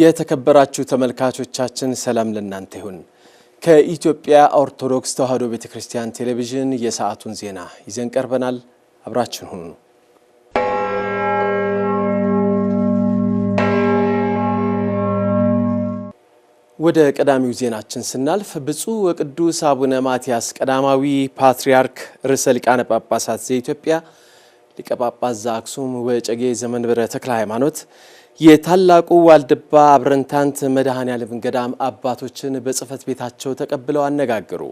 የተከበራችሁ ተመልካቾቻችን ሰላም ለእናንተ ይሁን። ከኢትዮጵያ ኦርቶዶክስ ተዋሕዶ ቤተ ክርስቲያን ቴሌቪዥን የሰዓቱን ዜና ይዘን ቀርበናል። አብራችን ሁኑ። ወደ ቀዳሚው ዜናችን ስናልፍ ብፁዕ ወቅዱስ አቡነ ማትያስ ቀዳማዊ ፓትርያርክ ርዕሰ ሊቃነ ጳጳሳት ዘኢትዮጵያ ሊቀ ጳጳስ ዘአክሱም ወጨጌ ዘመንበረ ተክለ ሃይማኖት የታላቁ ዋልድባ አብረንታንት መድኃኔዓለም ገዳም አባቶችን በጽህፈት ቤታቸው ተቀብለው አነጋገሩ።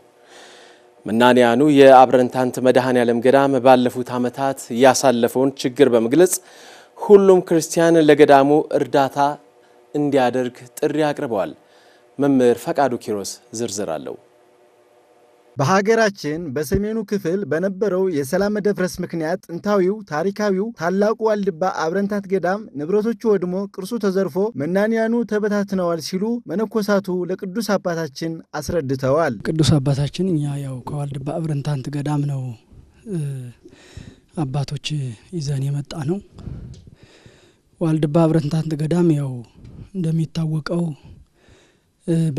መናንያኑ የአብረንታንት መድኃኔዓለም ገዳም ባለፉት ዓመታት ያሳለፈውን ችግር በመግለጽ ሁሉም ክርስቲያን ለገዳሙ እርዳታ እንዲያደርግ ጥሪ አቅርበዋል። መምህር ፈቃዱ ኪሮስ ዝርዝር አለው። በሀገራችን በሰሜኑ ክፍል በነበረው የሰላም መደፍረስ ምክንያት ጥንታዊው ታሪካዊው ታላቁ ዋልድባ አብረንታት ገዳም ንብረቶቹ ወድሞ ቅርሱ ተዘርፎ መናንያኑ ተበታትነዋል ሲሉ መነኮሳቱ ለቅዱስ አባታችን አስረድተዋል። ቅዱስ አባታችን እኛ ያው ከዋልድባ አብረንታንት ገዳም ነው አባቶች ይዘን የመጣ ነው። ዋልድባ አብረንታንት ገዳም ያው እንደሚታወቀው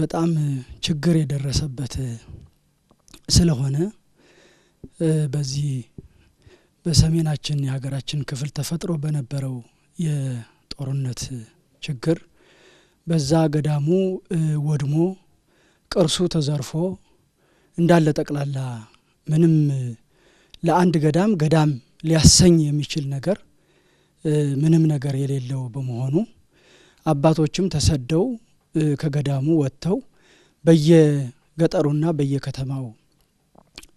በጣም ችግር የደረሰበት ስለሆነ በዚህ በሰሜናችን የሀገራችን ክፍል ተፈጥሮ በነበረው የጦርነት ችግር በዛ ገዳሙ ወድሞ ቅርሱ ተዘርፎ እንዳለ ጠቅላላ ምንም ለአንድ ገዳም ገዳም ሊያሰኝ የሚችል ነገር ምንም ነገር የሌለው በመሆኑ አባቶችም ተሰደው ከገዳሙ ወጥተው በየገጠሩና በየከተማው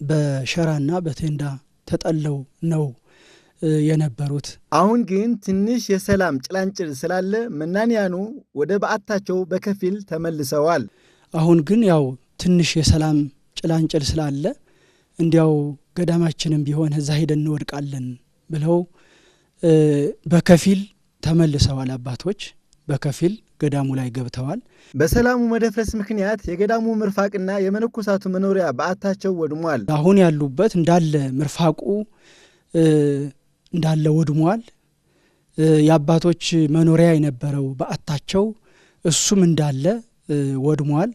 በሸራና በቴንዳ ተጠለው ነው የነበሩት። አሁን ግን ትንሽ የሰላም ጭላንጭል ስላለ መናንያኑ ወደ በዓታቸው በከፊል ተመልሰዋል። አሁን ግን ያው ትንሽ የሰላም ጭላንጭል ስላለ እንዲያው ገዳማችንም ቢሆን እዛ ሄደን እንወድቃለን ብለው በከፊል ተመልሰዋል አባቶች። በከፊል ገዳሙ ላይ ገብተዋል። በሰላሙ መደፍረስ ምክንያት የገዳሙ ምርፋቅና የመነኮሳቱ መኖሪያ በአታቸው ወድሟል። አሁን ያሉበት እንዳለ ምርፋቁ እንዳለ ወድሟል። የአባቶች መኖሪያ የነበረው በአታቸው እሱም እንዳለ ወድሟል።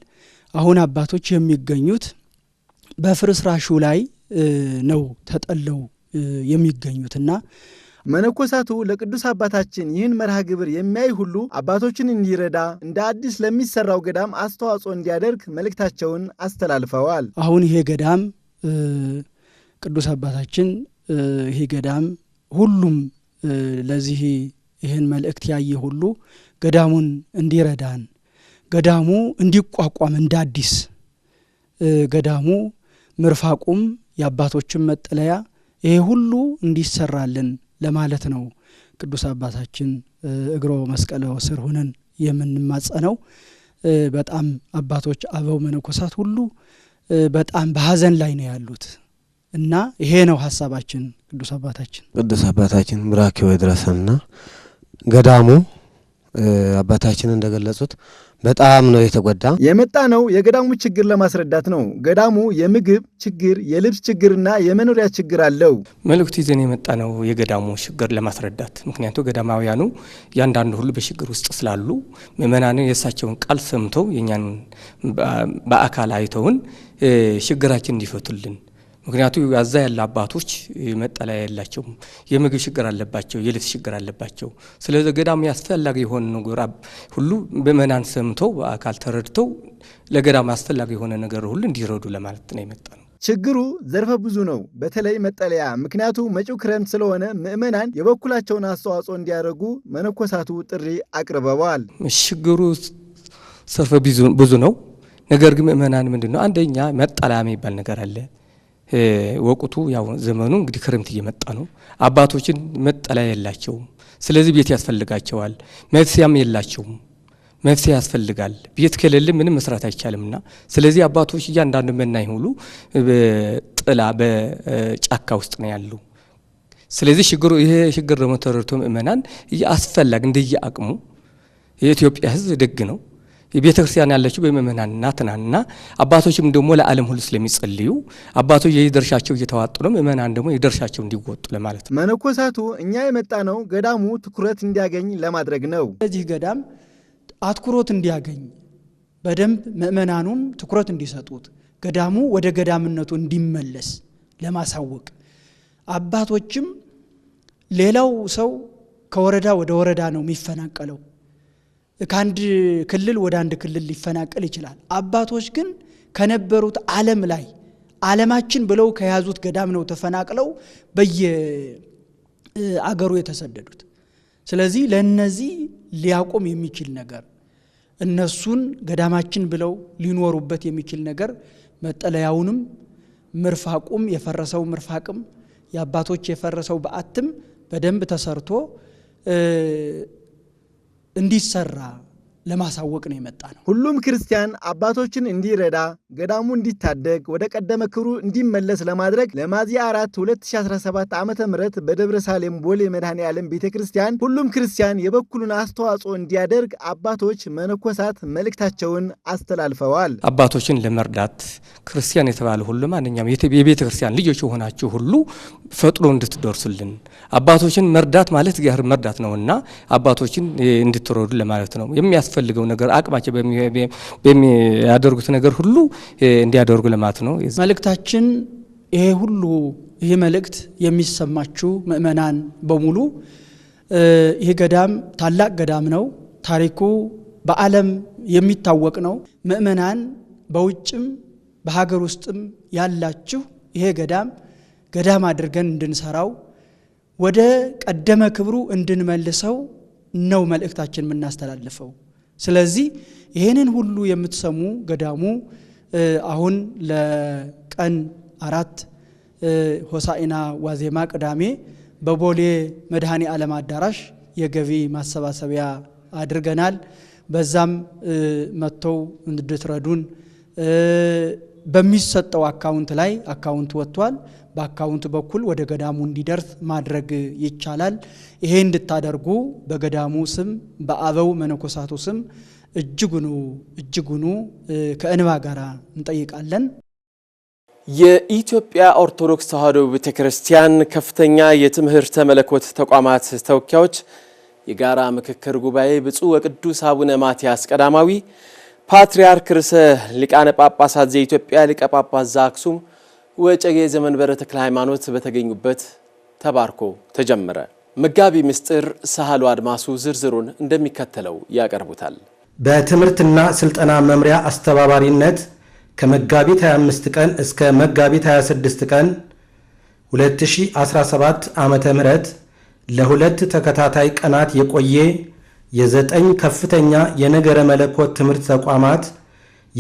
አሁን አባቶች የሚገኙት በፍርስራሹ ላይ ነው ተጠለው የሚገኙትና መነኮሳቱ ለቅዱስ አባታችን ይህን መርሃ ግብር የሚያይ ሁሉ አባቶችን እንዲረዳ እንደ አዲስ ለሚሰራው ገዳም አስተዋጽኦ እንዲያደርግ መልእክታቸውን አስተላልፈዋል። አሁን ይሄ ገዳም ቅዱስ አባታችን ይሄ ገዳም ሁሉም ለዚህ ይህን መልእክት ያየ ሁሉ ገዳሙን እንዲረዳን ገዳሙ እንዲቋቋም እንደ አዲስ ገዳሙ ምርፋቁም የአባቶችን መጠለያ ይሄ ሁሉ እንዲሰራልን ለማለት ነው ቅዱስ አባታችን እግሮ መስቀለ ስር ሁነን የምንማጸነው። በጣም አባቶች አበው መነኮሳት ሁሉ በጣም በሀዘን ላይ ነው ያሉት እና ይሄ ነው ሀሳባችን። ቅዱስ አባታችን ቅዱስ አባታችን ወይ ድረሰና ገዳሙ አባታችን እንደገለጹት በጣም ነው የተጎዳ። የመጣ ነው የገዳሙ ችግር ለማስረዳት ነው። ገዳሙ የምግብ ችግር፣ የልብስ ችግርና የመኖሪያ ችግር አለው። መልእክቱ ይዘን የመጣ ነው የገዳሙ ችግር ለማስረዳት ምክንያቱ ገዳማውያኑ እያንዳንዱ ሁሉ በችግር ውስጥ ስላሉ ምእመናንን የእሳቸውን ቃል ሰምተው የእኛን በአካል አይተውን ችግራችን እንዲፈቱልን ምክንያቱ ያዛ ያለ አባቶች መጠለያ የላቸውም፣ የምግብ ችግር አለባቸው፣ የልብስ ችግር አለባቸው። ስለዚህ ገዳም ያስፈላጊ የሆነ ነገር ሁሉ ምእመናን ሰምተው አካል ተረድተው ለገዳም አስፈላጊ የሆነ ነገር ሁሉ እንዲረዱ ለማለት ነው የመጣ ነው። ችግሩ ዘርፈ ብዙ ነው። በተለይ መጠለያ፣ ምክንያቱ መጪው ክረምት ስለሆነ ምእመናን የበኩላቸውን አስተዋጽኦ እንዲያደርጉ መነኮሳቱ ጥሪ አቅርበዋል። ችግሩ ዘርፈ ብዙ ነው። ነገር ግን ምእመናን ምንድን ነው አንደኛ መጠለያ የሚባል ነገር አለ ወቁቱ ያው ዘመኑ እንግዲህ ክረምት እየመጣ ነው። አባቶችን መጠለያ የላቸውም። ስለዚህ ቤት ያስፈልጋቸዋል። መፍትያም የላቸውም። መፍትሄ ያስፈልጋል። ቤት ከሌለ ምንም መስራት አይቻልምና፣ ስለዚህ አባቶች እያንዳንዱ መናኝ ሁሉ በጥላ በጫካ ውስጥ ነው ያሉ። ስለዚህ ችግሩ ይሄ ችግር ደግሞ ተረድቶ ምእመናን እያስፈላግ አቅሙ የኢትዮጵያ ሕዝብ ደግ ነው። ቤተ ክርስቲያን ያለችው በምእመናንና ትናንና አባቶችም ደግሞ ለዓለም ሁሉ ስለሚጸልዩ አባቶች የድርሻቸው እየተዋጡ ነው፣ ምእመናን ደግሞ የድርሻቸው እንዲወጡ ለማለት ነው። መነኮሳቱ እኛ የመጣ ነው ገዳሙ ትኩረት እንዲያገኝ ለማድረግ ነው። ስለዚህ ገዳም አትኩሮት እንዲያገኝ በደንብ ምእመናኑም ትኩረት እንዲሰጡት ገዳሙ ወደ ገዳምነቱ እንዲመለስ ለማሳወቅ አባቶችም ሌላው ሰው ከወረዳ ወደ ወረዳ ነው የሚፈናቀለው ከአንድ ክልል ወደ አንድ ክልል ሊፈናቀል ይችላል። አባቶች ግን ከነበሩት ዓለም ላይ ዓለማችን ብለው ከያዙት ገዳም ነው ተፈናቅለው በየአገሩ የተሰደዱት። ስለዚህ ለእነዚህ ሊያቆም የሚችል ነገር እነሱን ገዳማችን ብለው ሊኖሩበት የሚችል ነገር መጠለያውንም ምርፋቁም የፈረሰው ምርፋቅም የአባቶች የፈረሰው በዓትም በደንብ ተሰርቶ እንዲሰራ ለማሳወቅ ነው የመጣ ነው። ሁሉም ክርስቲያን አባቶችን እንዲረዳ ገዳሙ እንዲታደግ ወደ ቀደመ ክብሩ እንዲመለስ ለማድረግ ለሚያዝያ 4 2017 ዓ ም በደብረ ሳሌም ቦሌ መድኃኔ ዓለም ቤተ ክርስቲያን ሁሉም ክርስቲያን የበኩሉን አስተዋጽኦ እንዲያደርግ አባቶች መነኮሳት መልእክታቸውን አስተላልፈዋል። አባቶችን ለመርዳት ክርስቲያን የተባለ ሁሉ ማንኛውም የቤተ ክርስቲያን ልጆች የሆናችሁ ሁሉ ፈጥኖ እንድትደርሱልን አባቶችን መርዳት ማለት ጋር መርዳት ነውና አባቶችን እንድትረዱ ለማለት ነው። በሚያስፈልገው ነገር አቅማቸው በሚያደርጉት ነገር ሁሉ እንዲያደርጉ ልማት ነው መልእክታችን። ይሄ ሁሉ ይህ መልእክት የሚሰማችሁ ምእመናን በሙሉ ይህ ገዳም ታላቅ ገዳም ነው። ታሪኩ በዓለም የሚታወቅ ነው። ምእመናን በውጭም በሀገር ውስጥም ያላችሁ ይሄ ገዳም ገዳም አድርገን እንድንሰራው ወደ ቀደመ ክብሩ እንድንመልሰው ነው መልእክታችን የምናስተላልፈው። ስለዚህ ይህንን ሁሉ የምትሰሙ ገዳሙ አሁን ለቀን አራት ሆሳኢና ዋዜማ ቅዳሜ በቦሌ መድኃኔ ዓለም አዳራሽ የገቢ ማሰባሰቢያ አድርገናል። በዛም መጥተው እንድትረዱን በሚሰጠው አካውንት ላይ አካውንት ወጥቷል። በአካውንት በኩል ወደ ገዳሙ እንዲደርስ ማድረግ ይቻላል። ይሄ እንድታደርጉ በገዳሙ ስም በአበው መነኮሳቱ ስም እጅጉኑ እጅጉኑ ከእንባ ጋር እንጠይቃለን። የኢትዮጵያ ኦርቶዶክስ ተዋሕዶ ቤተ ክርስቲያን ከፍተኛ የትምህርተ መለኮት ተቋማት ተወካዮች የጋራ ምክክር ጉባኤ ብፁዕ ወቅዱስ አቡነ ማትያስ ቀዳማዊ ፓትርያርክ ርዕሰ ሊቃነ ጳጳሳት ዘኢትዮጵያ ሊቀ ጳጳስ ዘአክሱም ወዕጨጌ ዘመንበረ ተክለ ሃይማኖት በተገኙበት ተባርኮ ተጀመረ። መጋቢ ምስጢር ሳህሉ አድማሱ ዝርዝሩን እንደሚከተለው ያቀርቡታል። በትምህርትና ስልጠና መምሪያ አስተባባሪነት ከመጋቢት 25 ቀን እስከ መጋቢት 26 ቀን 2017 ዓ ም ለሁለት ተከታታይ ቀናት የቆየ የዘጠኝ ከፍተኛ የነገረ መለኮት ትምህርት ተቋማት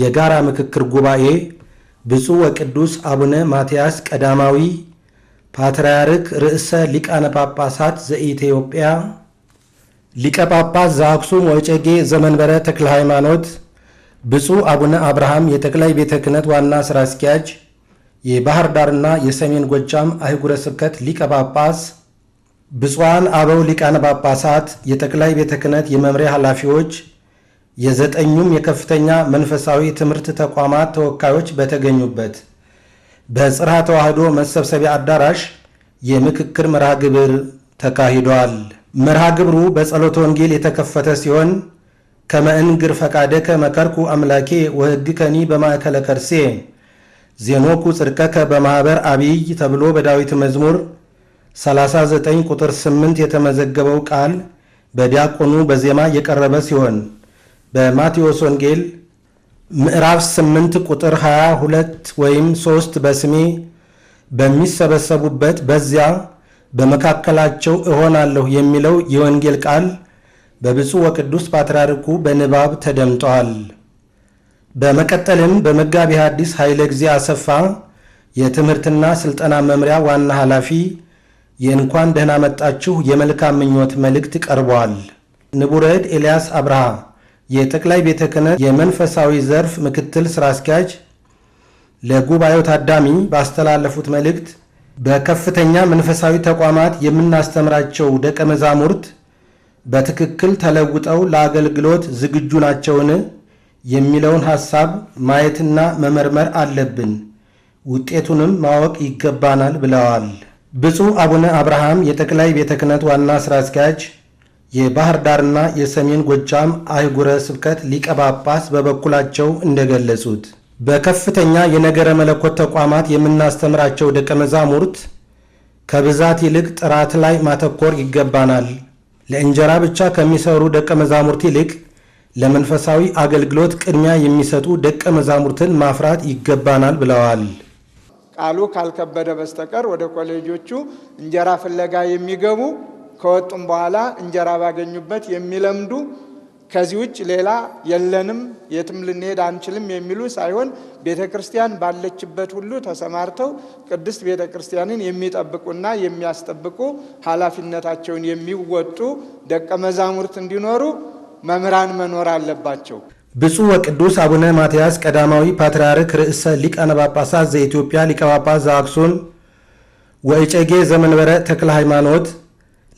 የጋራ ምክክር ጉባኤ ብፁዕ ወቅዱስ አቡነ ማትያስ ቀዳማዊ ፓትርያርክ ርዕሰ ሊቃነ ጳጳሳት ዘኢትዮጵያ ሊቀ ጳጳስ ዘአክሱም ወጨጌ ዘመንበረ ተክለ ሃይማኖት፣ ብፁዕ አቡነ አብርሃም የጠቅላይ ቤተ ክህነት ዋና ሥራ አስኪያጅ፣ የባህር ዳርና የሰሜን ጎጃም አህጉረ ስብከት ሊቀ ጳጳስ ብፁዓን አበው ሊቃነ ጳጳሳት፣ የጠቅላይ ቤተ ክህነት የመምሪያ ኃላፊዎች፣ የዘጠኙም የከፍተኛ መንፈሳዊ ትምህርት ተቋማት ተወካዮች በተገኙበት በጽርሐ ተዋሕዶ መሰብሰቢያ አዳራሽ የምክክር መርሃ ግብር ተካሂዷል። መርሃ ግብሩ በጸሎተ ወንጌል የተከፈተ ሲሆን ከመእንግር ፈቃደከ መከርኩ አምላኬ ወሕግከኒ በማእከለ ከርሴ ዜኖኩ ጽድቀከ በማኅበር አብይ ተብሎ በዳዊት መዝሙር 39 ቁጥር 8 የተመዘገበው ቃል በዲያቆኑ በዜማ የቀረበ ሲሆን በማቴዎስ ወንጌል ምዕራፍ 8 ቁጥር 22 ወይም 3 በስሜ በሚሰበሰቡበት በዚያ በመካከላቸው እሆናለሁ የሚለው የወንጌል ቃል በብፁዕ ወቅዱስ ፓትርያርኩ በንባብ ተደምጠዋል። በመቀጠልም በመጋቢ ሐዲስ ኃይለ ጊዜ አሰፋ የትምህርትና ሥልጠና መምሪያ ዋና ኃላፊ የእንኳን ደህና መጣችሁ የመልካም ምኞት መልእክት ቀርበዋል። ንቡረድ ኤልያስ አብርሃ የጠቅላይ ቤተ ክህነት የመንፈሳዊ ዘርፍ ምክትል ሥራ አስኪያጅ ለጉባኤው ታዳሚ ባስተላለፉት መልእክት በከፍተኛ መንፈሳዊ ተቋማት የምናስተምራቸው ደቀ መዛሙርት በትክክል ተለውጠው ለአገልግሎት ዝግጁ ናቸውን የሚለውን ሐሳብ ማየትና መመርመር አለብን፣ ውጤቱንም ማወቅ ይገባናል ብለዋል። ብፁዕ አቡነ አብርሃም የጠቅላይ ቤተ ክህነት ዋና ሥራ አስኪያጅ የባህር ዳርና የሰሜን ጎጃም አህጉረ ስብከት ሊቀ ጳጳስ በበኩላቸው እንደገለጹት በከፍተኛ የነገረ መለኮት ተቋማት የምናስተምራቸው ደቀ መዛሙርት ከብዛት ይልቅ ጥራት ላይ ማተኮር ይገባናል። ለእንጀራ ብቻ ከሚሰሩ ደቀ መዛሙርት ይልቅ ለመንፈሳዊ አገልግሎት ቅድሚያ የሚሰጡ ደቀ መዛሙርትን ማፍራት ይገባናል ብለዋል። ቃሉ ካልከበደ በስተቀር ወደ ኮሌጆቹ እንጀራ ፍለጋ የሚገቡ ከወጡም በኋላ እንጀራ ባገኙበት የሚለምዱ ከዚህ ውጭ ሌላ የለንም፣ የትም ልንሄድ አንችልም የሚሉ ሳይሆን ቤተ ክርስቲያን ባለችበት ሁሉ ተሰማርተው ቅድስት ቤተ ክርስቲያንን የሚጠብቁና የሚያስጠብቁ ኃላፊነታቸውን የሚወጡ ደቀ መዛሙርት እንዲኖሩ መምህራን መኖር አለባቸው። ብፁዕ ወቅዱስ አቡነ ማትያስ ቀዳማዊ ፓትርያርክ ርዕሰ ሊቃነ ጳጳሳት ዘኢትዮጵያ ሊቀ ጳጳስ ዘአክሱም ወእጨጌ ዘመንበረ ተክለ ሃይማኖት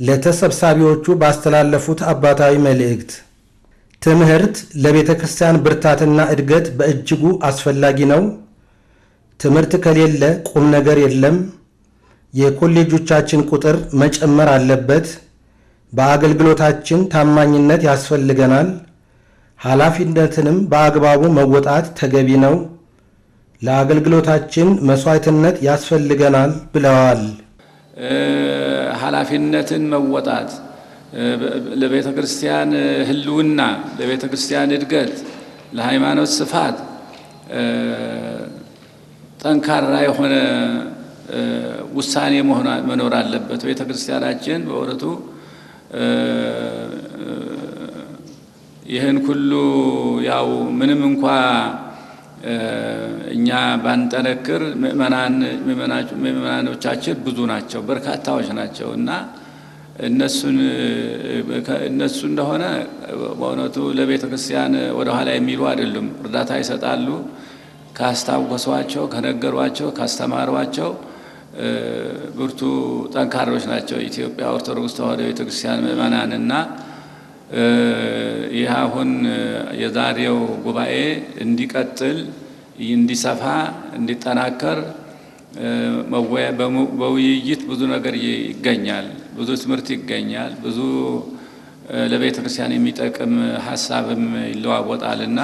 ለተሰብሳቢዎቹ ባስተላለፉት አባታዊ መልእክት ትምህርት ለቤተ ክርስቲያን ብርታትና እድገት በእጅጉ አስፈላጊ ነው። ትምህርት ከሌለ ቁም ነገር የለም። የኮሌጆቻችን ቁጥር መጨመር አለበት። በአገልግሎታችን ታማኝነት ያስፈልገናል። ኃላፊነትንም በአግባቡ መወጣት ተገቢ ነው። ለአገልግሎታችን መስዋዕትነት ያስፈልገናል ብለዋል። ኃላፊነትን መወጣት ለቤተ ክርስቲያን ሕልውና፣ ለቤተ ክርስቲያን እድገት፣ ለሃይማኖት ስፋት ጠንካራ የሆነ ውሳኔ መኖር አለበት። ቤተ ክርስቲያናችን በእውነቱ ይህን ሁሉ ያው ምንም እንኳ እኛ ባንጠነክር ምእመናኖቻችን ብዙ ናቸው፣ በርካታዎች ናቸው እና እነሱ እንደሆነ በእውነቱ ለቤተ ክርስቲያን ወደኋላ የሚሉ አይደሉም። እርዳታ ይሰጣሉ። ካስታወሷቸው፣ ከነገሯቸው፣ ካስተማሯቸው ብርቱ ጠንካሮች ናቸው። ኢትዮጵያ ኦርቶዶክስ ተዋሕዶ ቤተክርስቲያን ምእመናን እና ይህ አሁን የዛሬው ጉባኤ እንዲቀጥል፣ እንዲሰፋ፣ እንዲጠናከር በውይይት ብዙ ነገር ይገኛል፣ ብዙ ትምህርት ይገኛል፣ ብዙ ለቤተ ክርስቲያን የሚጠቅም ሀሳብም ይለዋወጣልና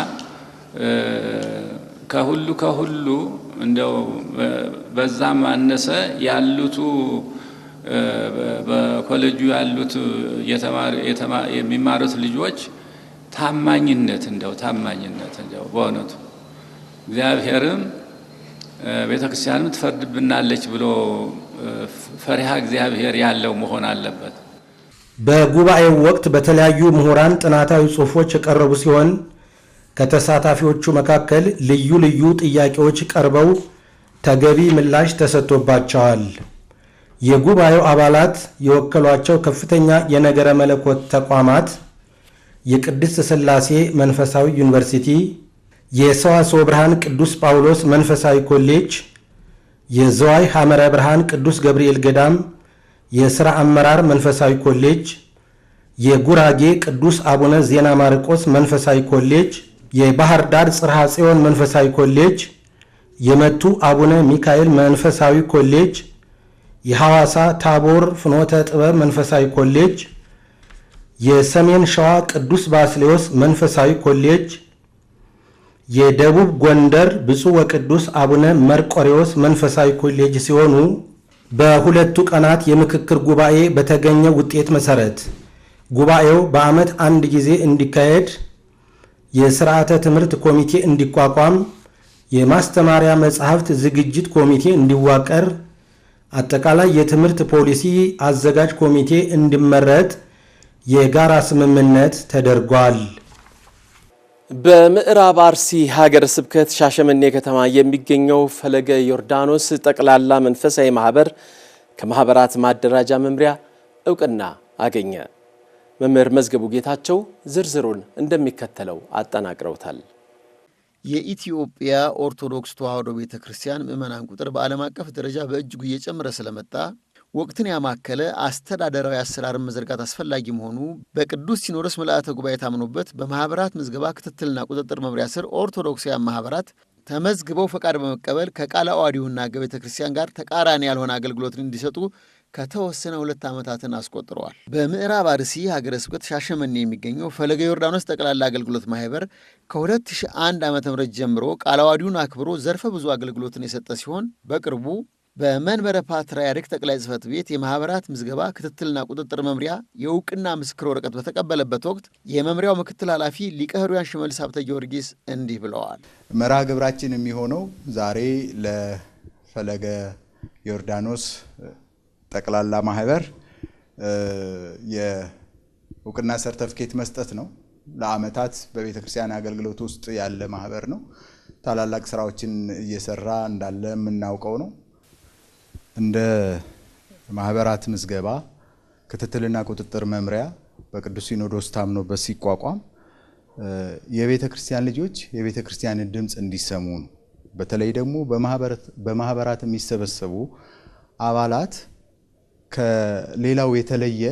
ከሁሉ ከሁሉ እንደው በዛም አነሰ ያሉቱ በኮሌጁ ያሉት የሚማሩት ልጆች ታማኝነት እንደው ታማኝነት እንደው በእውነቱ እግዚአብሔርም ቤተ ክርስቲያንም ትፈርድብናለች ብሎ ፈሪሃ እግዚአብሔር ያለው መሆን አለበት። በጉባኤው ወቅት በተለያዩ ምሁራን ጥናታዊ ጽሑፎች የቀረቡ ሲሆን ከተሳታፊዎቹ መካከል ልዩ ልዩ ጥያቄዎች ቀርበው ተገቢ ምላሽ ተሰጥቶባቸዋል። የጉባኤው አባላት የወከሏቸው ከፍተኛ የነገረ መለኮት ተቋማት የቅድስት ሥላሴ መንፈሳዊ ዩኒቨርሲቲ፣ የሰዋስወ ብርሃን ቅዱስ ጳውሎስ መንፈሳዊ ኮሌጅ፣ የዘዋይ ሐመረ ብርሃን ቅዱስ ገብርኤል ገዳም የሥራ አመራር መንፈሳዊ ኮሌጅ፣ የጉራጌ ቅዱስ አቡነ ዜና ማርቆስ መንፈሳዊ ኮሌጅ፣ የባህር ዳር ጽርሐ ጽዮን መንፈሳዊ ኮሌጅ፣ የመቱ አቡነ ሚካኤል መንፈሳዊ ኮሌጅ የሐዋሳ ታቦር ፍኖተ ጥበብ መንፈሳዊ ኮሌጅ፣ የሰሜን ሸዋ ቅዱስ ባስሌዎስ መንፈሳዊ ኮሌጅ፣ የደቡብ ጎንደር ብፁዕ ወቅዱስ አቡነ መርቆሬዎስ መንፈሳዊ ኮሌጅ ሲሆኑ በሁለቱ ቀናት የምክክር ጉባኤ በተገኘ ውጤት መሰረት ጉባኤው በዓመት አንድ ጊዜ እንዲካሄድ የስርዓተ ትምህርት ኮሚቴ እንዲቋቋም፣ የማስተማሪያ መጽሐፍት ዝግጅት ኮሚቴ እንዲዋቀር አጠቃላይ የትምህርት ፖሊሲ አዘጋጅ ኮሚቴ እንዲመረጥ የጋራ ስምምነት ተደርጓል። በምዕራብ አርሲ ሀገረ ስብከት ሻሸመኔ ከተማ የሚገኘው ፈለገ ዮርዳኖስ ጠቅላላ መንፈሳዊ ማህበር ከማህበራት ማደራጃ መምሪያ እውቅና አገኘ። መምህር መዝገቡ ጌታቸው ዝርዝሩን እንደሚከተለው አጠናቅረውታል። የኢትዮጵያ ኦርቶዶክስ ተዋህዶ ቤተ ክርስቲያን ምዕመናን ቁጥር በዓለም አቀፍ ደረጃ በእጅጉ እየጨመረ ስለመጣ ወቅትን ያማከለ አስተዳደራዊ አሰራርን መዘርጋት አስፈላጊ መሆኑ በቅዱስ ሲኖዶስ ምልአተ ጉባኤ ታምኖበት በማኅበራት ምዝገባ ክትትልና ቁጥጥር መምሪያ ስር ኦርቶዶክሳውያን ማኅበራት ተመዝግበው ፈቃድ በመቀበል ከቃለ ኦዋዲሁና ከቤተ ክርስቲያን ጋር ተቃራኒ ያልሆነ አገልግሎትን እንዲሰጡ ከተወሰነ ሁለት ዓመታትን አስቆጥረዋል። በምዕራብ አርሲ ሀገረ ስብከት ሻሸመኔ የሚገኘው ፈለገ ዮርዳኖስ ጠቅላላ አገልግሎት ማህበር ከ2001 ዓ ም ጀምሮ ቃለ ዓዋዲውን አክብሮ ዘርፈ ብዙ አገልግሎትን የሰጠ ሲሆን በቅርቡ በመንበረ ፓትርያርክ ጠቅላይ ጽህፈት ቤት የማኅበራት ምዝገባ ክትትልና ቁጥጥር መምሪያ የእውቅና ምስክር ወረቀት በተቀበለበት ወቅት የመምሪያው ምክትል ኃላፊ ሊቀ ሽመልስ ሀብተ ጊዮርጊስ እንዲህ ብለዋል። መርሃ ግብራችን የሚሆነው ዛሬ ለፈለገ ዮርዳኖስ ጠቅላላ ማህበር የእውቅና ሰርተፍኬት መስጠት ነው። ለአመታት በቤተ ክርስቲያን አገልግሎት ውስጥ ያለ ማህበር ነው። ታላላቅ ስራዎችን እየሰራ እንዳለ የምናውቀው ነው። እንደ ማህበራት ምዝገባ ክትትልና ቁጥጥር መምሪያ በቅዱስ ሲኖዶስ ታምኖበት ሲቋቋም የቤተ ክርስቲያን ልጆች የቤተ ክርስቲያንን ድምፅ እንዲሰሙ ነው። በተለይ ደግሞ በማህበራት የሚሰበሰቡ አባላት ከሌላው የተለየ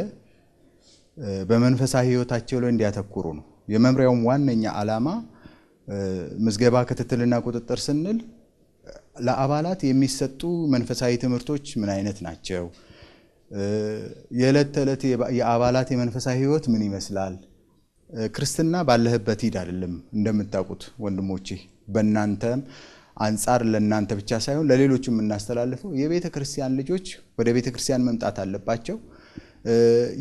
በመንፈሳዊ ህይወታቸው ላይ እንዲያተኩሩ ነው። የመምሪያውም ዋነኛ ዓላማ ምዝገባ ክትትልና ቁጥጥር ስንል ለአባላት የሚሰጡ መንፈሳዊ ትምህርቶች ምን አይነት ናቸው? የዕለት ተዕለት የአባላት የመንፈሳዊ ህይወት ምን ይመስላል? ክርስትና ባለህበት ሂድ አይደለም እንደምታውቁት ወንድሞቼ በእናንተም አንጻር ለእናንተ ብቻ ሳይሆን ለሌሎች የምናስተላልፈው የቤተ ክርስቲያን ልጆች ወደ ቤተ ክርስቲያን መምጣት አለባቸው።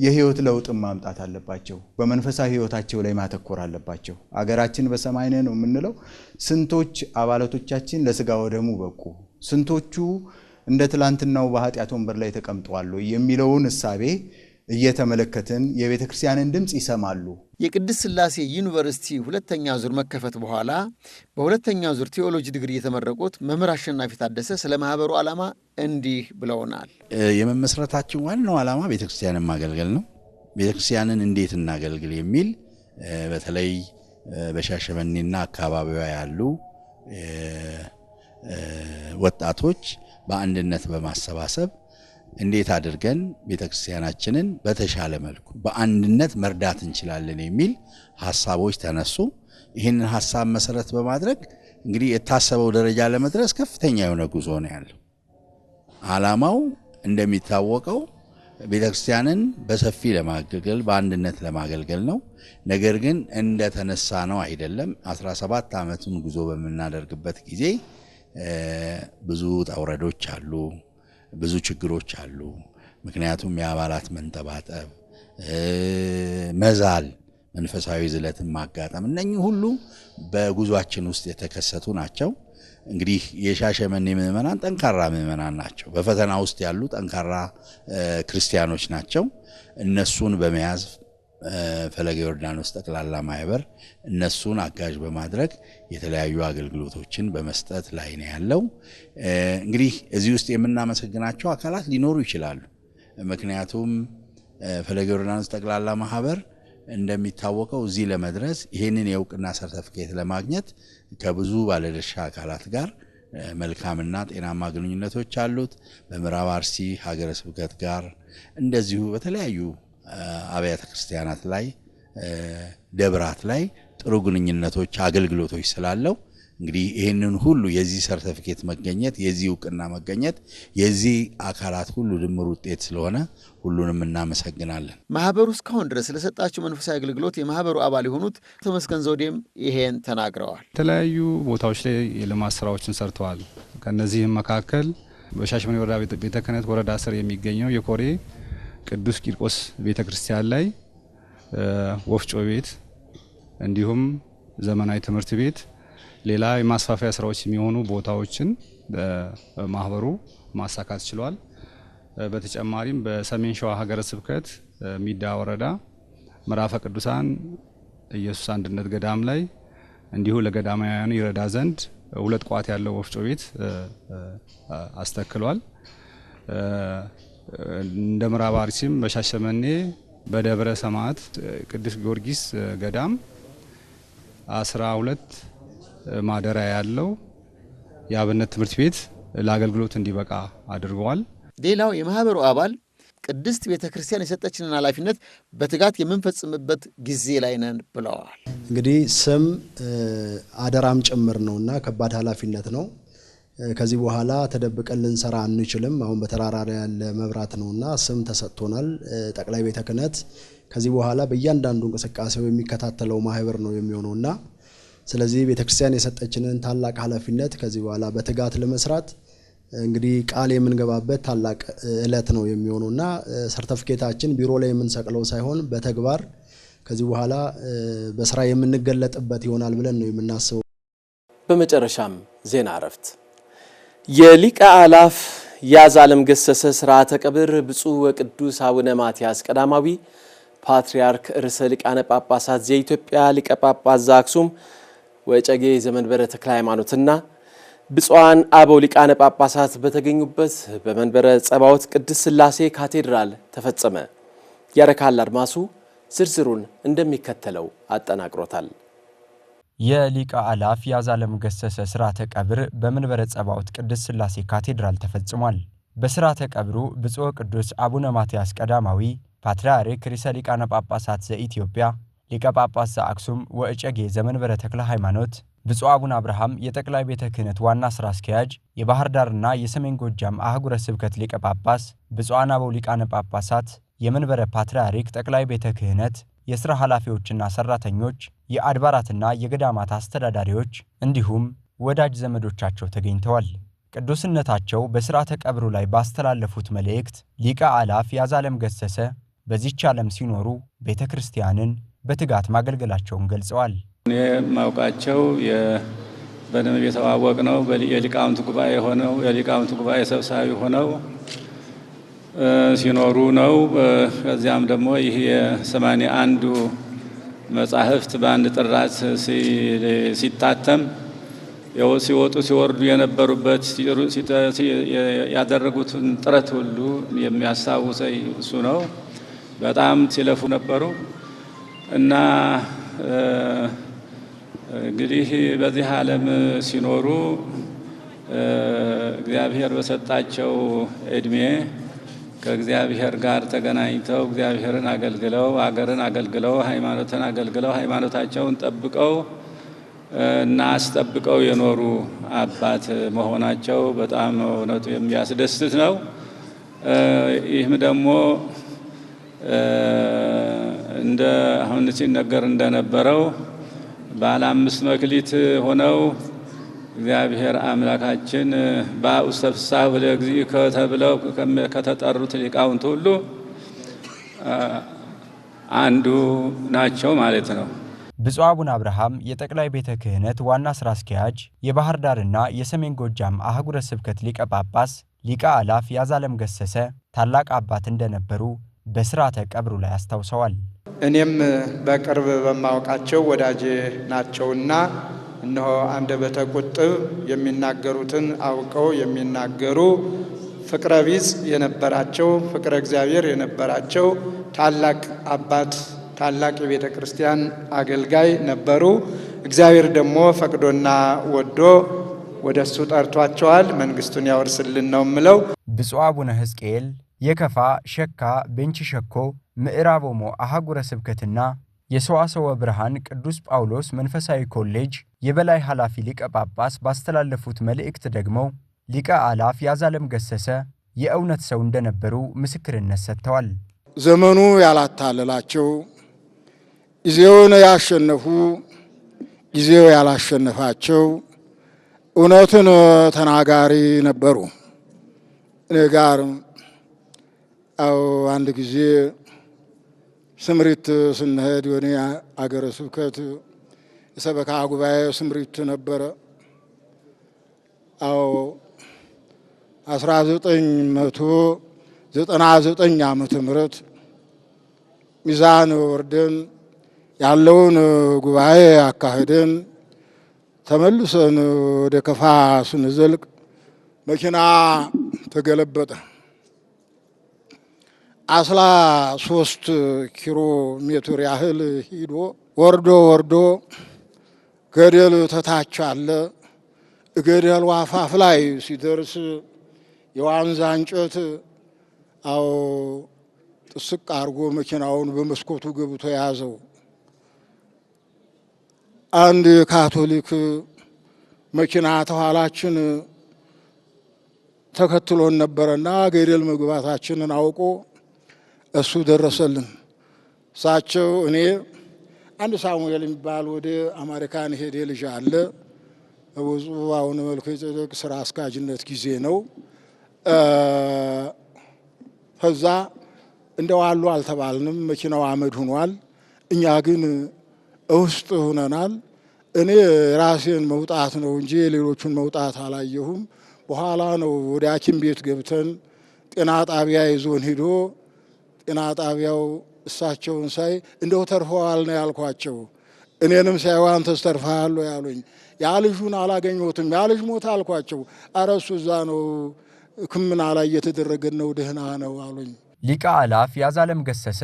የህይወት ለውጥ ማምጣት አለባቸው። በመንፈሳዊ ህይወታቸው ላይ ማተኮር አለባቸው። አገራችን በሰማይ ነው የምንለው። ስንቶች አባላቶቻችን ለስጋ ወደሙ በቁ፣ ስንቶቹ እንደ ትላንትናው በኃጢአት ወንበር ላይ ተቀምጠዋል የሚለውን እሳቤ እየተመለከትን የቤተ ክርስቲያንን ድምፅ ይሰማሉ። የቅድስት ስላሴ ዩኒቨርሲቲ ሁለተኛ ዙር መከፈት በኋላ በሁለተኛ ዙር ቴዎሎጂ ዲግሪ የተመረቁት መምህር አሸናፊ ታደሰ ስለ ማህበሩ ዓላማ እንዲህ ብለውናል። የመመስረታችን ዋናው ዓላማ ቤተ ክርስቲያንን ማገልገል ነው። ቤተ ክርስቲያንን እንዴት እናገልግል የሚል በተለይ በሻሸመኔና አካባቢዋ ያሉ ወጣቶች በአንድነት በማሰባሰብ እንዴት አድርገን ቤተክርስቲያናችንን በተሻለ መልኩ በአንድነት መርዳት እንችላለን የሚል ሀሳቦች ተነሱ። ይህንን ሀሳብ መሰረት በማድረግ እንግዲህ የታሰበው ደረጃ ለመድረስ ከፍተኛ የሆነ ጉዞ ነው ያለው። ዓላማው እንደሚታወቀው ቤተክርስቲያንን በሰፊ ለማገልገል በአንድነት ለማገልገል ነው። ነገር ግን እንደተነሳ ነው አይደለም። 17 ዓመቱን ጉዞ በምናደርግበት ጊዜ ብዙ ውጣ ውረዶች አሉ። ብዙ ችግሮች አሉ። ምክንያቱም የአባላት መንጠባጠብ፣ መዛል፣ መንፈሳዊ ዝለትን ማጋጠም እነኚህ ሁሉ በጉዟችን ውስጥ የተከሰቱ ናቸው። እንግዲህ የሻሸመኔ ምዕመናን ጠንካራ ምዕመናን ናቸው። በፈተና ውስጥ ያሉ ጠንካራ ክርስቲያኖች ናቸው። እነሱን በመያዝ ፈለገ ዮርዳኖስ ጠቅላላ ማህበር እነሱን አጋዥ በማድረግ የተለያዩ አገልግሎቶችን በመስጠት ላይ ነው ያለው። እንግዲህ እዚህ ውስጥ የምናመሰግናቸው አካላት ሊኖሩ ይችላሉ። ምክንያቱም ፈለገ ዮርዳኖስ ጠቅላላ ማህበር እንደሚታወቀው እዚህ ለመድረስ ይህንን የእውቅና ሰርተፍኬት ለማግኘት ከብዙ ባለድርሻ አካላት ጋር መልካምና ጤናማ ግንኙነቶች አሉት። በምዕራብ አርሲ ሀገረ ስብከት ጋር እንደዚሁ በተለያዩ አብያተ ክርስቲያናት ላይ ደብራት ላይ ጥሩ ግንኙነቶች፣ አገልግሎቶች ስላለው እንግዲህ ይህንን ሁሉ የዚህ ሰርተፊኬት መገኘት የዚህ እውቅና መገኘት የዚህ አካላት ሁሉ ድምር ውጤት ስለሆነ ሁሉንም እናመሰግናለን። ማህበሩ እስካሁን ድረስ ስለሰጣቸው መንፈሳዊ አገልግሎት የማህበሩ አባል የሆኑት ተመስገን ዘውዴም ይሄን ተናግረዋል። የተለያዩ ቦታዎች ላይ የልማት ስራዎችን ሰርተዋል። ከእነዚህም መካከል በሻሸመኔ ወረዳ ቤተ ክህነት ወረዳ ስር የሚገኘው የኮሬ ቅዱስ ቂርቆስ ቤተ ክርስቲያን ላይ ወፍጮ ቤት እንዲሁም ዘመናዊ ትምህርት ቤት፣ ሌላ የማስፋፊያ ስራዎች የሚሆኑ ቦታዎችን ማህበሩ ማሳካት ችሏል። በተጨማሪም በሰሜን ሸዋ ሀገረ ስብከት ሚዳ ወረዳ ምዕራፈ ቅዱሳን ኢየሱስ አንድነት ገዳም ላይ እንዲሁ ለገዳማውያኑ ይረዳ ዘንድ ሁለት ቋት ያለው ወፍጮ ቤት አስተክሏል። እንደ ምዕራብ አርሲም በሻሸመኔ በደብረ ሰማዕት ቅዱስ ጊዮርጊስ ገዳም አስራ ሁለት ማደሪያ ያለው የአብነት ትምህርት ቤት ለአገልግሎት እንዲበቃ አድርገዋል። ሌላው የማህበሩ አባል ቅድስት ቤተ ክርስቲያን የሰጠችንን ኃላፊነት በትጋት የምንፈጽምበት ጊዜ ላይ ነን ብለዋል። እንግዲህ ስም አደራም ጭምር ነውና ከባድ ኃላፊነት ነው። ከዚህ በኋላ ተደብቀን ልንሰራ አንችልም። አሁን በተራራ ላይ ያለ መብራት ነውና ስም ተሰጥቶናል። ጠቅላይ ቤተ ክህነት ከዚህ በኋላ በእያንዳንዱ እንቅስቃሴው የሚከታተለው ማህበር ነው የሚሆነው እና ስለዚህ ቤተክርስቲያን የሰጠችንን ታላቅ ኃላፊነት ከዚህ በኋላ በትጋት ለመስራት እንግዲህ ቃል የምንገባበት ታላቅ እለት ነው የሚሆነው እና ሰርተፍኬታችን ቢሮ ላይ የምንሰቅለው ሳይሆን በተግባር ከዚህ በኋላ በስራ የምንገለጥበት ይሆናል ብለን ነው የምናስበው። በመጨረሻም ዜና እረፍት የሊቀ አላፍ ያዝ አለም ገሰሰ ስርዓተ ቀብር ብፁዕ ወቅዱስ አቡነ ማትያስ ቀዳማዊ ፓትርያርክ ርዕሰ ሊቃነ ጳጳሳት ዘኢትዮጵያ ሊቀ ጳጳስ ዘአክሱም ወጨጌ ዘመንበረ ተክለ ሃይማኖትና ብፁዓን አበው ሊቃነ ጳጳሳት በተገኙበት በመንበረ ጸባዖት ቅድስት ሥላሴ ካቴድራል ተፈጸመ። ያረካል አድማሱ ዝርዝሩን እንደሚከተለው አጠናቅሮታል። የሊቀ አላፍ ያዛለም ገሰሰ ስርዓተ ቀብር በመንበረ ጸባዖት ቅድስት ሥላሴ ካቴድራል ተፈጽሟል። በስርዓተ ቀብሩ ብፁዕ ቅዱስ አቡነ ማትያስ ቀዳማዊ ፓትርያርክ ሪሰ ሊቃነ ጳጳሳት ዘኢትዮጵያ ሊቀ ጳጳስ ዘአክሱም ወእጨጌ ዘመንበረ ተክለ ሃይማኖት፣ ብፁዕ አቡነ አብርሃም የጠቅላይ ቤተ ክህነት ዋና ሥራ አስኪያጅ፣ የባህር ዳርና የሰሜን ጎጃም አህጉረ ስብከት ሊቀ ጳጳስ፣ ብፁዓን አበው ሊቃነ ጳጳሳት፣ የመንበረ ፓትርያርክ ጠቅላይ ቤተ ክህነት የሥራ ኃላፊዎችና ሠራተኞች የአድባራትና የገዳማት አስተዳዳሪዎች እንዲሁም ወዳጅ ዘመዶቻቸው ተገኝተዋል። ቅዱስነታቸው በሥርዓተ ቀብሩ ላይ ባስተላለፉት መልእክት ሊቀ አላፍ ያዛለም ገሰሰ በዚች ዓለም ሲኖሩ ቤተ ክርስቲያንን በትጋት ማገልገላቸውን ገልጸዋል። እኔ የማውቃቸው በደንብ የተዋወቅ ነው የሊቃውንት ጉባኤ ሆነው የሊቃውንት ጉባኤ ሰብሳቢ ሆነው ሲኖሩ ነው። ከዚያም ደግሞ ይህ የሰማንያ አንዱ መጻሕፍት በአንድ ጥራት ሲታተም ሲወጡ ሲወርዱ የነበሩበት ያደረጉትን ጥረት ሁሉ የሚያስታውሰኝ እሱ ነው። በጣም ሲለፉ ነበሩ እና እንግዲህ በዚህ ዓለም ሲኖሩ እግዚአብሔር በሰጣቸው እድሜ። ከእግዚአብሔር ጋር ተገናኝተው እግዚአብሔርን አገልግለው አገርን አገልግለው ሃይማኖትን አገልግለው ሃይማኖታቸውን ጠብቀው እና አስጠብቀው የኖሩ አባት መሆናቸው በጣም እውነቱ የሚያስደስት ነው። ይህም ደግሞ እንደ አሁን ሲነገር እንደነበረው ባለ አምስት መክሊት ሆነው እግዚአብሔር አምላካችን በአውስተ ፍስሐ ለእግዚእከ ተብለው ከተጠሩት ሊቃውንት ሁሉ አንዱ ናቸው ማለት ነው። ብፁዕ አቡነ አብርሃም የጠቅላይ ቤተ ክህነት ዋና ስራ አስኪያጅ፣ የባህር ዳርና የሰሜን ጎጃም አህጉረ ስብከት ሊቀ ጳጳስ፣ ሊቀ አላፍ ያዛለም ገሰሰ ታላቅ አባት እንደነበሩ በስርዓተ ቀብሩ ላይ አስታውሰዋል። እኔም በቅርብ በማወቃቸው ወዳጅ ናቸውና እነሆ አንደበተ ቁጥብ የሚናገሩትን አውቀው የሚናገሩ ፍቅረ ቢጽ የነበራቸው ፍቅረ እግዚአብሔር የነበራቸው ታላቅ አባት ታላቅ የቤተ ክርስቲያን አገልጋይ ነበሩ። እግዚአብሔር ደግሞ ፈቅዶና ወዶ ወደ እሱ ጠርቷቸዋል። መንግስቱን ያወርስልን ነው ምለው። ብፁዕ አቡነ ሕዝቅኤል የከፋ ሸካ ቤንች ሸኮ ምዕራብ ኦሞ አህጉረ ስብከትና የሰዋሰወ ብርሃን ቅዱስ ጳውሎስ መንፈሳዊ ኮሌጅ የበላይ ኃላፊ ሊቀ ጳጳስ ባስተላለፉት መልእክት ደግሞ ሊቀ አላፍ ያዛለም ገሰሰ የእውነት ሰው እንደነበሩ ምስክርነት ሰጥተዋል። ዘመኑ ያላታለላቸው፣ ጊዜውን ያሸነፉ፣ ጊዜው ያላሸነፋቸው እውነትን ተናጋሪ ነበሩ። እኔ ጋር አንድ ጊዜ ስምሪት ስንሄድ የሆነ አገረ ስብከት የሰበካ ጉባኤ ስምሪት ነበረ። አዎ አስራ ዘጠኝ መቶ ዘጠና ዘጠኝ ዓመተ ምህረት ሚዛን ወርደን ያለውን ጉባኤ አካሄደን ተመልሰን ወደ ከፋ ስንዘልቅ መኪና ተገለበጠ። አስራ ሶስት ኪሎ ሜትር ያህል ሂዶ ወርዶ ወርዶ ገደል ተታች አለ። ገደሉ አፋፍ ላይ ሲደርስ የዋንዛ እንጨት አዎ ጥስቅ አድርጎ መኪናውን በመስኮቱ ገብቶ የያዘው። አንድ ካቶሊክ መኪና ተኋላችን ተከትሎን ነበረና ገደል መግባታችንን አውቆ እሱ ደረሰልን። እሳቸው እኔ አንድ ሳሙኤል የሚባል ወደ አሜሪካን ሄደ ልጅ አለ ብዙ አሁን መልኩ የጽድቅ ስራ አስካጅነት ጊዜ ነው። ከዛ እንደዋሉ አልተባልንም። መኪናው አመድ ሆኗል። እኛ ግን ውስጥ ሆነናል። እኔ ራሴን መውጣት ነው እንጂ ሌሎቹን መውጣት አላየሁም። በኋላ ነው ወደ ሐኪም ቤት ገብተን ጤና ጣቢያ ይዞን ሂዶ ጤና ጣቢያው እሳቸውን ሳይ እንደው ተርፈዋል ነው ያልኳቸው። እኔንም ሳይዋ አንተስ ተርፈሃል ያሉኝ። ያ ልጁን አላገኘሁትም። ያ ልጅ ሞተ አልኳቸው። አረ እሱ እዛ ነው ሕክምና ላይ እየተደረገን ነው፣ ደህና ነው አሉኝ። ሊቀ አላፍ ያዛለም ገሰሰ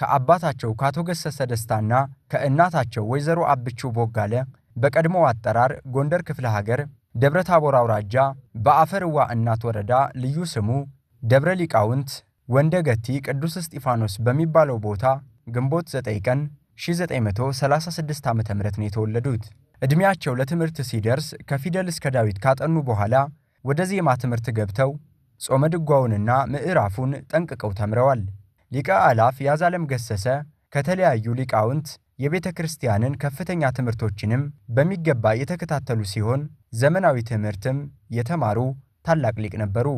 ከአባታቸው ከአቶ ገሰሰ ደስታና ከእናታቸው ወይዘሮ አብቹ ቦጋለ በቀድሞ አጠራር ጎንደር ክፍለ ሀገር ደብረ ታቦር አውራጃ በአፈርዋ እናት ወረዳ ልዩ ስሙ ደብረ ሊቃውንት ወንደ ገቲ ቅዱስ እስጢፋኖስ በሚባለው ቦታ ግንቦት 9 ቀን 1936 ዓ ም ነው የተወለዱት። ዕድሜያቸው ለትምህርት ሲደርስ ከፊደል እስከ ዳዊት ካጠኑ በኋላ ወደ ዜማ ትምህርት ገብተው ጾመ ድጓውንና ምዕራፉን ጠንቅቀው ተምረዋል። ሊቀ አላፍ ያዛለም ገሰሰ ከተለያዩ ሊቃውንት የቤተ ክርስቲያንን ከፍተኛ ትምህርቶችንም በሚገባ የተከታተሉ ሲሆን ዘመናዊ ትምህርትም የተማሩ ታላቅ ሊቅ ነበሩ።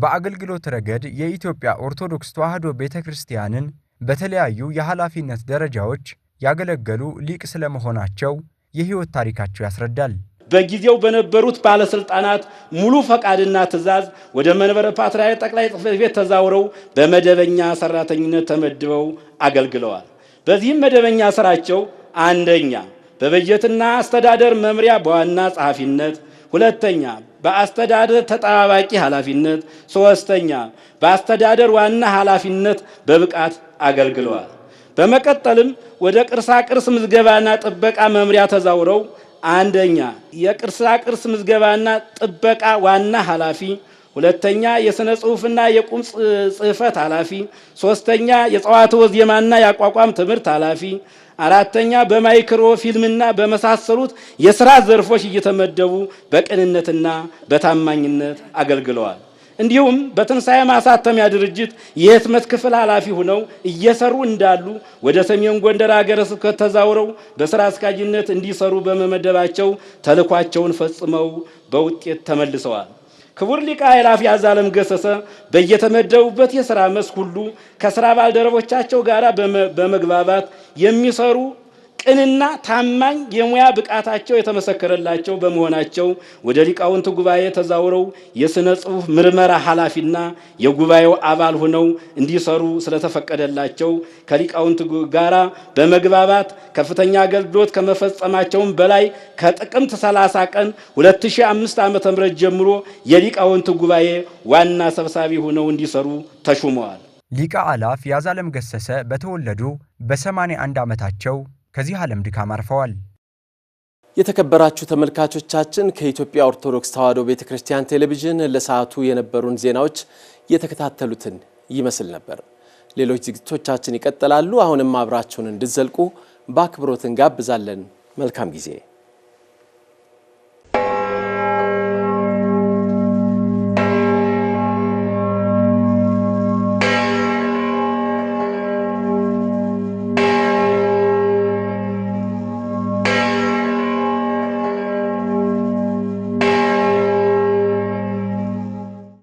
በአገልግሎት ረገድ የኢትዮጵያ ኦርቶዶክስ ተዋሕዶ ቤተ ክርስቲያንን በተለያዩ የኃላፊነት ደረጃዎች ያገለገሉ ሊቅ ስለመሆናቸው የሕይወት ታሪካቸው ያስረዳል። በጊዜው በነበሩት ባለስልጣናት ሙሉ ፈቃድና ትእዛዝ ወደ መንበረ ፓትርያርክ ጠቅላይ ጽሕፈት ቤት ተዛውረው በመደበኛ ሰራተኝነት ተመድበው አገልግለዋል። በዚህም መደበኛ ስራቸው አንደኛ በበጀትና አስተዳደር መምሪያ በዋና ጸሐፊነት፣ ሁለተኛ በአስተዳደር ተጠባባቂ ኃላፊነት፣ ሶስተኛ በአስተዳደር ዋና ኃላፊነት በብቃት አገልግለዋል። በመቀጠልም ወደ ቅርሳ ቅርስ ምዝገባና ጥበቃ መምሪያ ተዛውረው አንደኛ የቅርሳ ቅርስ ምዝገባና ጥበቃ ዋና ኃላፊ፣ ሁለተኛ የሥነ ጽሑፍና የቁም ጽሕፈት ኃላፊ፣ ሶስተኛ ወዝ ወዜማና የአቋቋም ትምህርት ኃላፊ አራተኛ በማይክሮ ፊልምና በመሳሰሉት የስራ ዘርፎች እየተመደቡ በቅንነትና በታማኝነት አገልግለዋል። እንዲሁም በትንሣኤ ማሳተሚያ ድርጅት የህትመት ክፍል ኃላፊ ሆነው እየሰሩ እንዳሉ ወደ ሰሜን ጎንደር አገረ ስብከት ተዛውረው በስራ አስኪያጅነት እንዲሰሩ በመመደባቸው ተልኳቸውን ፈጽመው በውጤት ተመልሰዋል። ክቡር ሊቀ ኃይላፍ ያዛለም ገሰሰ በየተመደቡበት የስራ መስክ ሁሉ ከስራ ባልደረቦቻቸው ጋር በመግባባት የሚሰሩ ቅንና ታማኝ የሙያ ብቃታቸው የተመሰከረላቸው በመሆናቸው ወደ ሊቃውንት ጉባኤ ተዛውረው የሥነ ጽሑፍ ምርመራ ኃላፊና የጉባኤው አባል ሆነው እንዲሰሩ ስለተፈቀደላቸው ከሊቃውንት ጋራ በመግባባት ከፍተኛ አገልግሎት ከመፈጸማቸውም በላይ ከጥቅምት 30 ቀን 2005 ዓ.ም ጀምሮ የሊቃውንት ጉባኤ ዋና ሰብሳቢ ሆነው እንዲሰሩ ተሹመዋል። ሊቀ አላፍ ያዛለም ገሰሰ በተወለዱ በ81 ዓመታቸው ከዚህ ዓለም ድካም አርፈዋል። የተከበራችሁ ተመልካቾቻችን ከኢትዮጵያ ኦርቶዶክስ ተዋሕዶ ቤተ ክርስቲያን ቴሌቪዥን ለሰዓቱ የነበሩን ዜናዎች የተከታተሉትን ይመስል ነበር። ሌሎች ዝግጅቶቻችን ይቀጥላሉ። አሁንም አብራችሁን እንድትዘልቁ በአክብሮት እንጋብዛለን። መልካም ጊዜ